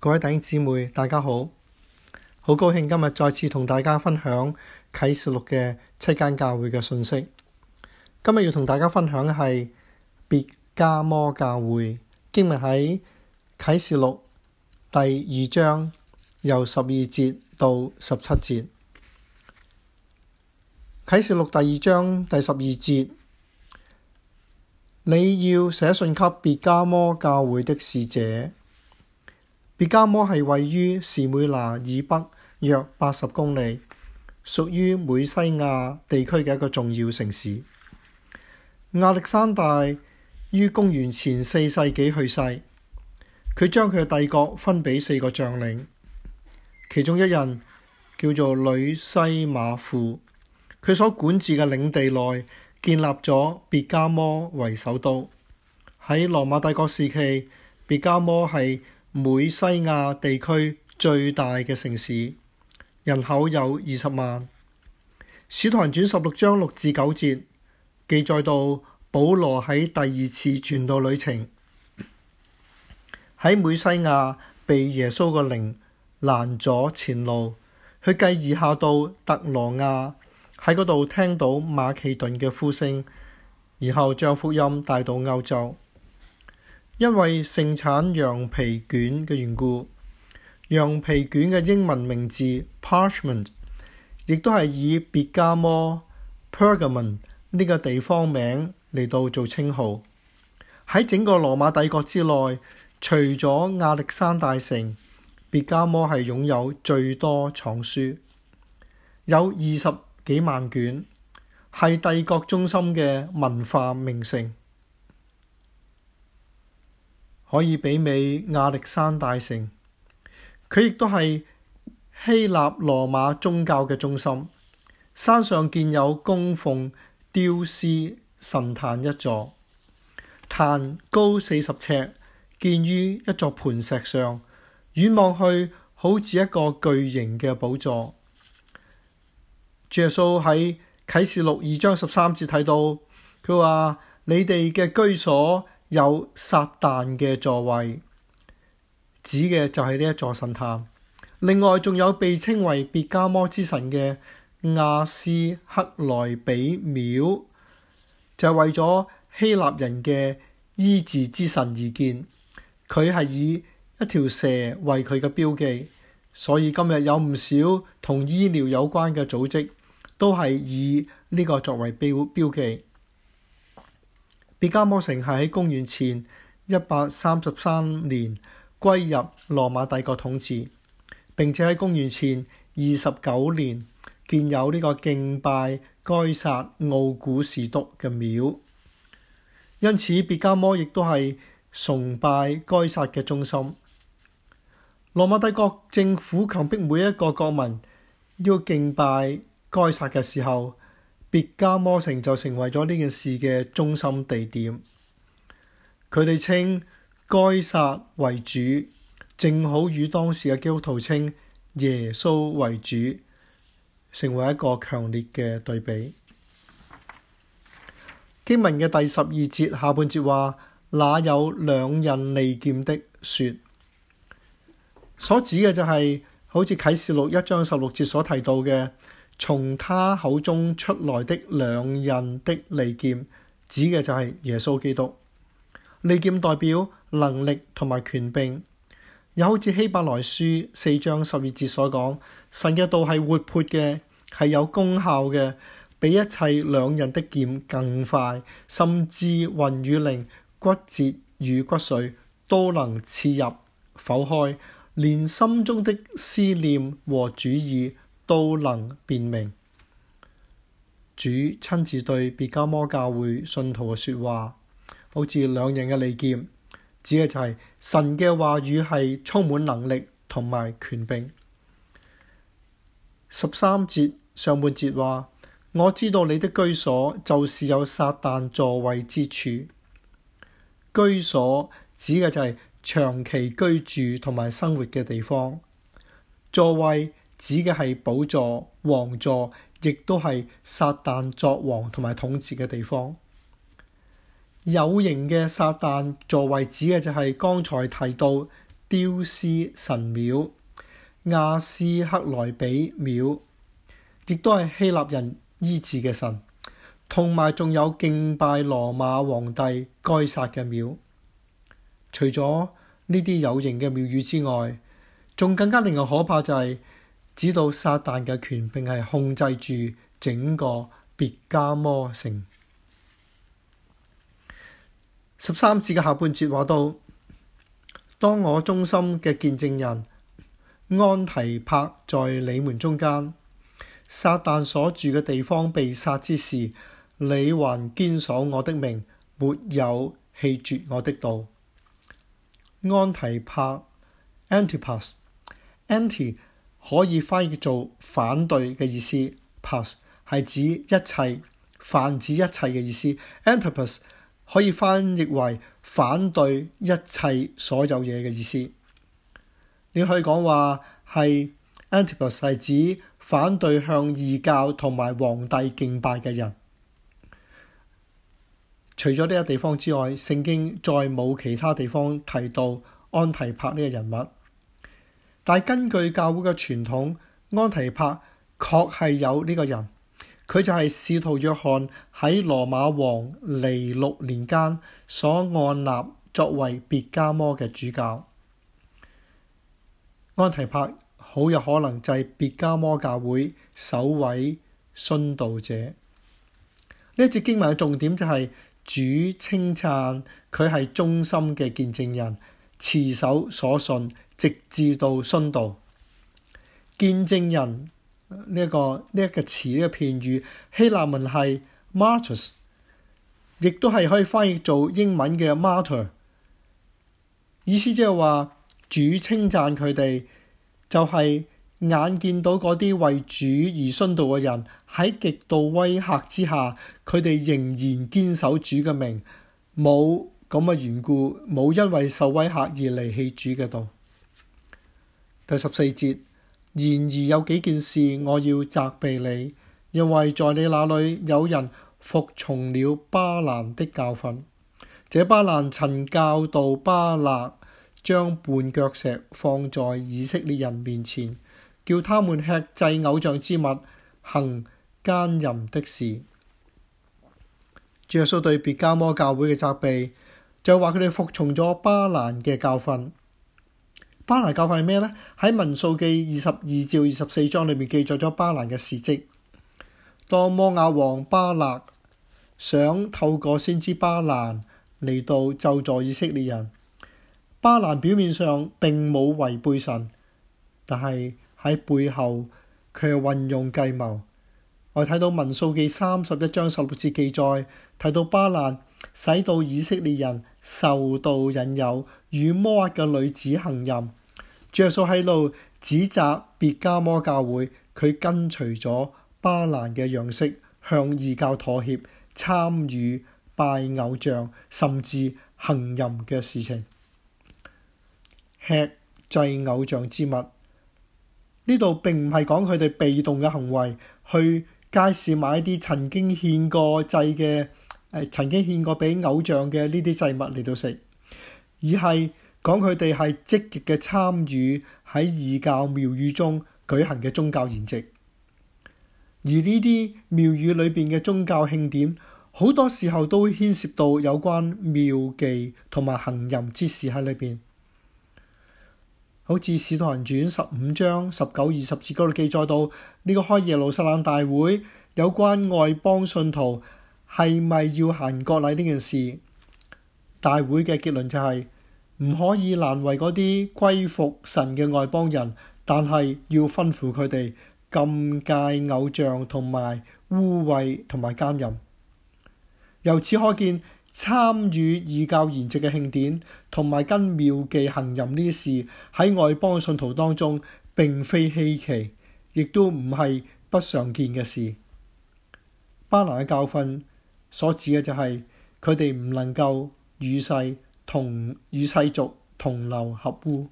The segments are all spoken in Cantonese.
各位弟兄姊妹，大家好，好高興今日再次同大家分享啟示錄嘅七間教會嘅信息。今日要同大家分享嘅係別加摩教會，經文喺啟示錄第二章由十二節到十七節。啟示錄第二章第十二節，你要寫信給別加摩教會的使者。別加摩係位於士每拿以北約八十公里，屬於美西亞地區嘅一個重要城市。亞歷山大於公元前四世紀去世，佢將佢嘅帝國分俾四個將領，其中一人叫做呂西馬庫，佢所管治嘅領地內建立咗別加摩為首都。喺羅馬帝國時期，別加摩係。美西亞地區最大嘅城市，人口有二十萬。《使徒行傳》十六章六至九節記載到，保羅喺第二次傳道旅程喺美西亞被耶穌嘅靈攔咗前路，佢繼而下到特羅亞，喺嗰度聽到馬其頓嘅呼聲，然後將福音帶到歐洲。因為盛產羊皮卷嘅緣故，羊皮卷嘅英文名字 Parchment，亦都係以別加摩 Pergamon 呢個地方名嚟到做稱號。喺整個羅馬帝國之內，除咗亞歷山大城，別加摩係擁有最多藏書，有二十幾萬卷，係帝國中心嘅文化名城。可以媲美亞歷山大城，佢亦都係希臘羅馬宗教嘅中心。山上建有供奉雕獅神壇一座，壇高四十尺，建於一座盤石上，遠望去好似一個巨型嘅寶座。耶穌喺啟示錄二章十三節睇到，佢話：你哋嘅居所，有撒旦嘅座位，指嘅就係呢一座神壇。另外，仲有被稱為別加摩之神嘅亞斯克萊比廟，就係為咗希臘人嘅醫治之神而建。佢係以一條蛇為佢嘅標記，所以今日有唔少同醫療有關嘅組織都係以呢個作為標標記。別加摩城係喺公元前一百三十三年歸入羅馬帝國統治，並且喺公元前二十九年建有呢個敬拜該撒奧古士督嘅廟，因此別加摩亦都係崇拜該撒嘅中心。羅馬帝國政府強迫每一個國民要敬拜該撒嘅時候。別迦摩城就成為咗呢件事嘅中心地點。佢哋稱該撒為主，正好與當時嘅基督徒稱耶穌為主，成為一個強烈嘅對比。經文嘅第十二節下半節話：那有兩刃利劍的說，所指嘅就係、是、好似啟示錄一章十六節所提到嘅。從他口中出來的兩刃的利劍，指嘅就係耶穌基督。利劍代表能力同埋權柄，又好似希伯來書四章十二節所講，神嘅道係活潑嘅，係有功效嘅，比一切兩刃的劍更快，甚至魂與靈、骨節與骨髓都能刺入剖開，連心中的思念和主意，都能辨明主親自對別迦摩教會信徒嘅説話，好似兩刃嘅利劍，指嘅就係神嘅話語係充滿能力同埋權柄。十三節上半節話：我知道你的居所就是有撒旦座位之處。居所指嘅就係長期居住同埋生活嘅地方，座位。指嘅係寶座、王座，亦都係撒旦作王同埋統治嘅地方。有形嘅撒旦座位指嘅就係剛才提到丟斯神廟、亞斯克萊比廟，亦都係希臘人醫治嘅神，同埋仲有敬拜羅馬皇帝該撒嘅廟。除咗呢啲有形嘅廟宇之外，仲更加令人可怕就係、是。知道撒旦嘅權並係控制住整個別迦摩城。十三節嘅下半節話到：當我忠心嘅見證人安提帕在你們中間，撒旦所住嘅地方被殺之時，你還堅守我的命，沒有棄絕我的道。安提帕 （Antipas）、anti。Ant e, 可以翻譯做反對嘅意思，pass 係指一切，泛指一切嘅意思。Antipas 可以翻譯為反對一切所有嘢嘅意思。你可以講話係 Antipas 係指反對向異教同埋皇帝敬拜嘅人。除咗呢個地方之外，聖經再冇其他地方提到安提帕呢個人物。但根據教會嘅傳統，安提帕確係有呢個人，佢就係使徒約翰喺羅馬王尼祿年間所按立作為別加摩嘅主教。安提帕好有可能就係別加摩教會首位殉道者。呢一節經文嘅重點就係主稱讚佢係忠心嘅見證人，持守所信。直至到殉道見證人呢一個呢一個詞嘅片語希臘文係 martyrs，亦都係可以翻譯做英文嘅 martyr，意思即係話主稱讚佢哋，就係眼見到嗰啲為主而殉道嘅人喺極度威嚇之下，佢哋仍然堅守主嘅名，冇咁嘅緣故，冇因為受威嚇而離棄主嘅道。第十四節，然而有幾件事我要責備你，因為在你那裏有人服從了巴蘭的教訓。這巴蘭曾教導巴勒將絆腳石放在以色列人面前，叫他們吃祭偶像之物，行奸淫的事。耶穌對別加摩教會嘅責備，就話佢哋服從咗巴蘭嘅教訓。巴蘭教訓係咩呢？喺《民數記》二十二至二十四章裏面記載咗巴蘭嘅事蹟。當摩亞王巴勒想透過先知巴蘭嚟到救助以色列人，巴蘭表面上並冇違背神，但係喺背後卻運用計謀。我睇到文《民數記》三十一章十六節記載，睇到巴蘭使到以色列人受到引誘，與摩亞嘅女子行淫。着數喺度指責別迦摩教會，佢跟隨咗巴蘭嘅樣式，向異教妥協，參與拜偶像，甚至行淫嘅事情，吃祭偶像之物。呢度並唔係講佢哋被動嘅行為，去街市買啲曾經獻過祭嘅，誒、呃，曾經獻過俾偶像嘅呢啲祭物嚟到食，而係。講佢哋係積極嘅參與喺異教廟宇中舉行嘅宗教筵席，而呢啲廟宇裏邊嘅宗教慶典好多時候都會牽涉到有關廟妓同埋行淫之事喺裏邊。好似《使徒行傳》十五章十九二十節嗰度記載到，呢、這個開耶路撒冷大會有關外邦信徒係咪要行割禮呢件事，大會嘅結論就係、是。唔可以難為嗰啲歸服神嘅外邦人，但係要吩咐佢哋禁戒偶像同埋污穢同埋奸淫。由此可見，參與異教筵席嘅慶典同埋跟廟妓行淫呢啲事，喺外邦信徒當中並非稀奇，亦都唔係不常見嘅事。巴蘭嘅教訓所指嘅就係佢哋唔能夠與世。同與世俗同流合污，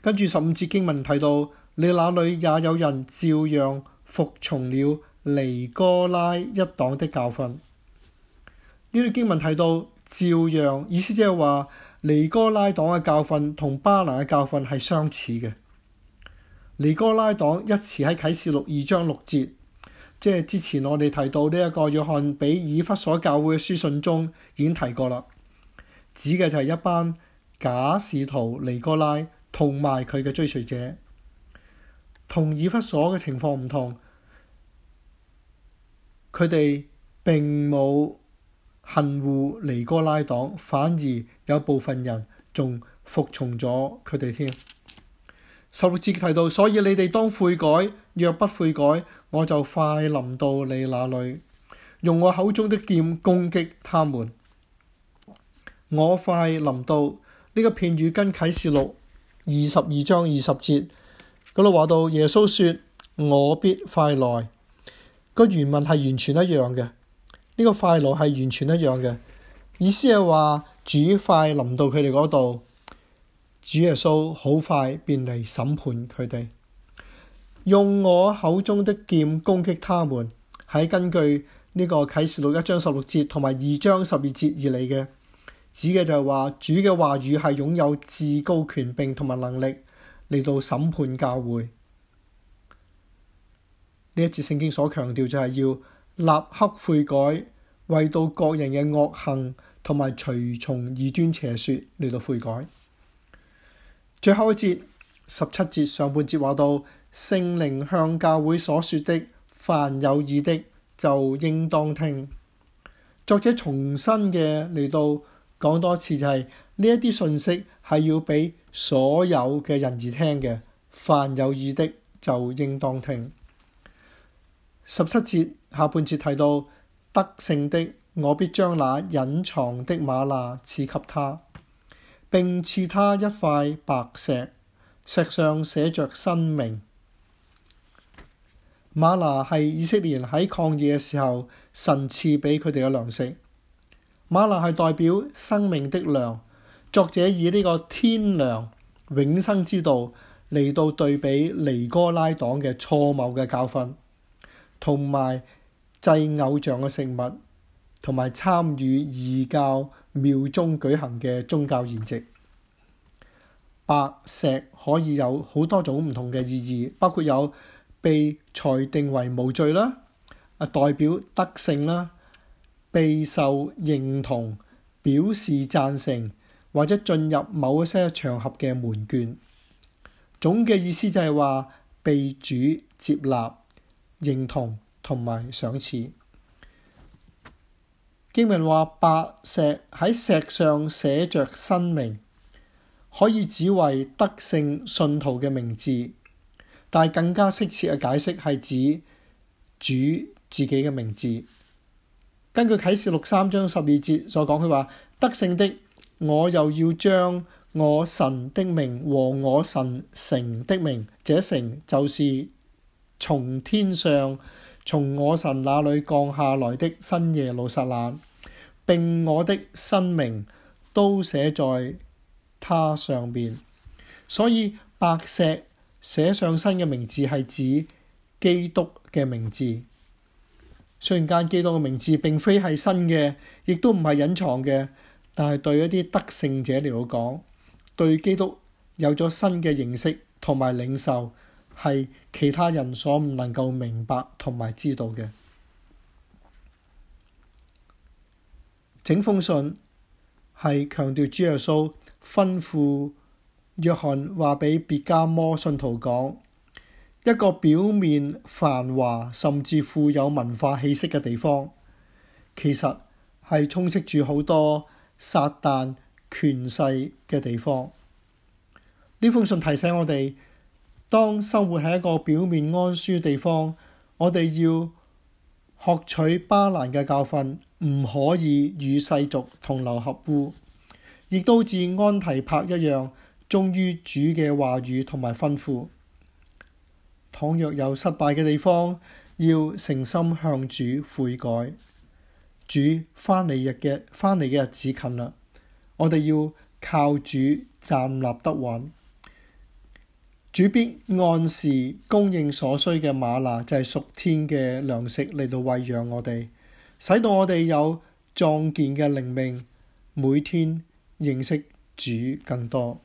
跟住十五節經文提到，你那裡也有人照樣服從了尼哥拉一黨的教訓。呢段經文提到照樣意思，即係話尼哥拉黨嘅教訓同巴蘭嘅教訓係相似嘅。尼哥拉黨一詞喺啟示錄二章六節，即係之前我哋提到呢一個約翰俾以弗所教會嘅書信中已經提過啦。指嘅就係一班假使徒尼哥拉同埋佢嘅追隨者，同以弗所嘅情況唔同，佢哋並冇恨惡尼哥拉黨，反而有部分人仲服從咗佢哋添。十六節提到，所以你哋當悔改，若不悔改，我就快臨到你那裡，用我口中的劍攻擊他們。我快臨到呢、這個片語，跟啟示錄二十二章二十節嗰度話到耶穌說：我必快來。這個原文係完全一樣嘅，呢、這個快來係完全一樣嘅意思係話主快臨到佢哋嗰度，主耶穌好快便嚟審判佢哋，用我口中的劍攻擊他們。喺根據呢個啟示錄一章十六節同埋二章十二節而嚟嘅。指嘅就係話主嘅話語係擁有至高權柄同埋能力嚟到審判教會，呢一節聖經所強調就係要立刻悔改，為到各人嘅惡行同埋隨從異端邪説嚟到悔改。最後一節十七節上半節話到，聖靈向教會所說的，凡有耳的就應當聽。作者重新嘅嚟到。講多次就係呢一啲信息係要俾所有嘅人而聽嘅，凡有意的就應當聽。十七節下半節提到德勝的，我必將那隱藏的馬娜賜給他，並賜他一塊白石，石上寫着新名。馬娜係以色列喺抗議嘅時候，神賜俾佢哋嘅糧食。嗎哪係代表生命的糧，作者以呢個天糧永生之道嚟到對比尼哥拉黨嘅錯謬嘅教訓，同埋祭偶像嘅食物，同埋參與異教廟中舉行嘅宗教筵席。白石可以有好多種唔同嘅意義，包括有被裁定為無罪啦，啊代表德性啦。被受認同、表示贊成或者進入某一些場合嘅門券。總嘅意思就係話被主接納、認同同埋賞賜。經文話：白石喺石上寫着新名，可以指為德性信徒嘅名字，但係更加適切嘅解釋係指主自己嘅名字。根據啟示錄三章十二節所講，佢話：得勝的，我又要將我神的名和我神城的名，這城就是從天上、從我神那裏降下來的新耶路撒冷。並我的新名都寫在它上面。所以白石寫上新嘅名字係指基督嘅名字。瞬間，雖然基督嘅名字並非係新嘅，亦都唔係隱藏嘅，但係對一啲得勝者嚟講，對基督有咗新嘅認識同埋領受，係其他人所唔能夠明白同埋知道嘅。整封信係強調主耶穌吩咐約翰話俾別迦摩信徒講。一個表面繁華甚至富有文化氣息嘅地方，其實係充斥住好多撒旦權勢嘅地方。呢封信提醒我哋，當生活喺一個表面安舒地方，我哋要學取巴蘭嘅教訓，唔可以與世俗同流合污，亦都似安提帕一樣忠於主嘅話語同埋吩咐。倘若有失敗嘅地方，要誠心向主悔改。主返嚟日嘅返嚟嘅日子近啦，我哋要靠主站立得穩。主必按時供應所需嘅嗎哪，就係、是、屬天嘅糧食嚟到餵養我哋，使到我哋有壯健嘅靈命，每天認識主更多。